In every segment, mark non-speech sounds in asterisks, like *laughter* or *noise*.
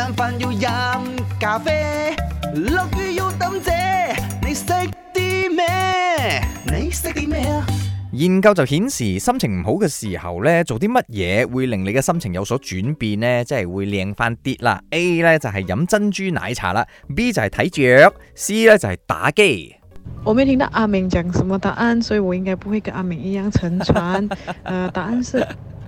食晏飯要飲咖啡，落雨要等姐。你識啲咩？你識啲咩啊？研究就顯示，心情唔好嘅時候咧，做啲乜嘢會令你嘅心情有所轉變咧？即係會靚翻啲啦。A 咧就係飲珍珠奶茶啦，B 就係睇劇，C 咧就係打機。我未聽到阿明講什麼答案，所以我應該不會跟阿明一樣沉船。 *laughs* 呃，答案是。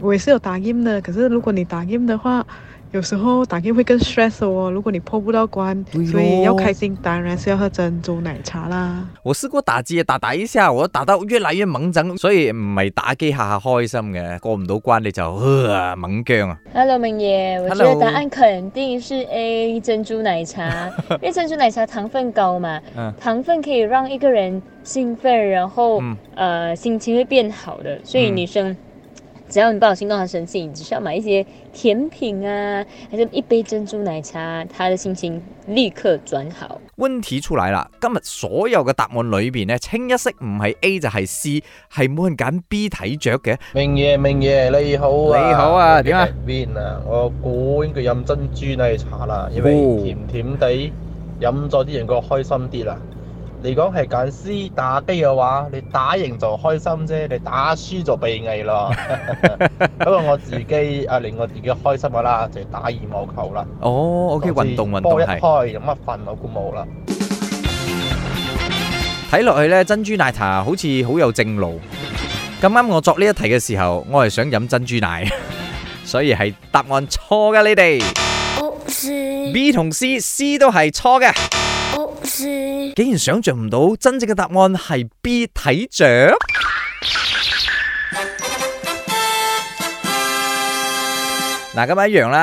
我也是有打 game 的，可是如果你打 game 的話，有時候打 game 會更 stressful 如果你破不到關，哦，所以要開心當然是要喝珍珠奶茶啦。我試過打機啊，打打一下，我打到越來越猛增，所以唔係打機下下開心嘅，過唔到關，你就呵啊猛僵啊。Hello 明爺，Hello. 我覺得答案肯定是 A 珍珠奶茶， *laughs* 因為珍珠奶茶糖分高嘛， *laughs* 糖分可以讓一個人興奮，然後、嗯、呃，心情會變好的，所以女生。嗯只要你不小心，惹他生氣，你只需要買一些甜品啊，還是一杯珍珠奶茶，他的心情立刻轉好。問題出嚟啦，今日所有嘅答案裏面呢，清一色唔係 A 就係 C，係冇人揀 B 睇着嘅。明爺明爺你好你好啊，點啊？Win 啊，我估應該飲珍珠奶茶啦，因為甜甜地飲咗啲人佢開心啲啦。你講係揀 C 打機嘅話，你打贏就開心啫，你打輸就閉翳啦。不 *laughs* 過 *laughs* 我自己啊，令我自己開心噶啦，就係、打羽毛球啦。哦，O K，運動運動係。波一開，一份有乜煩，我估冇啦。睇落去咧，珍珠奶茶好似好有正路。咁啱我作呢一題嘅時候，我係想飲珍珠奶， *laughs* 所以係答案錯噶，你哋。B 同 C，C 都係錯嘅。不竟然想象唔到，真正嘅答案係 B，睇住。嗱，今 *noise* 日樂一樣啦。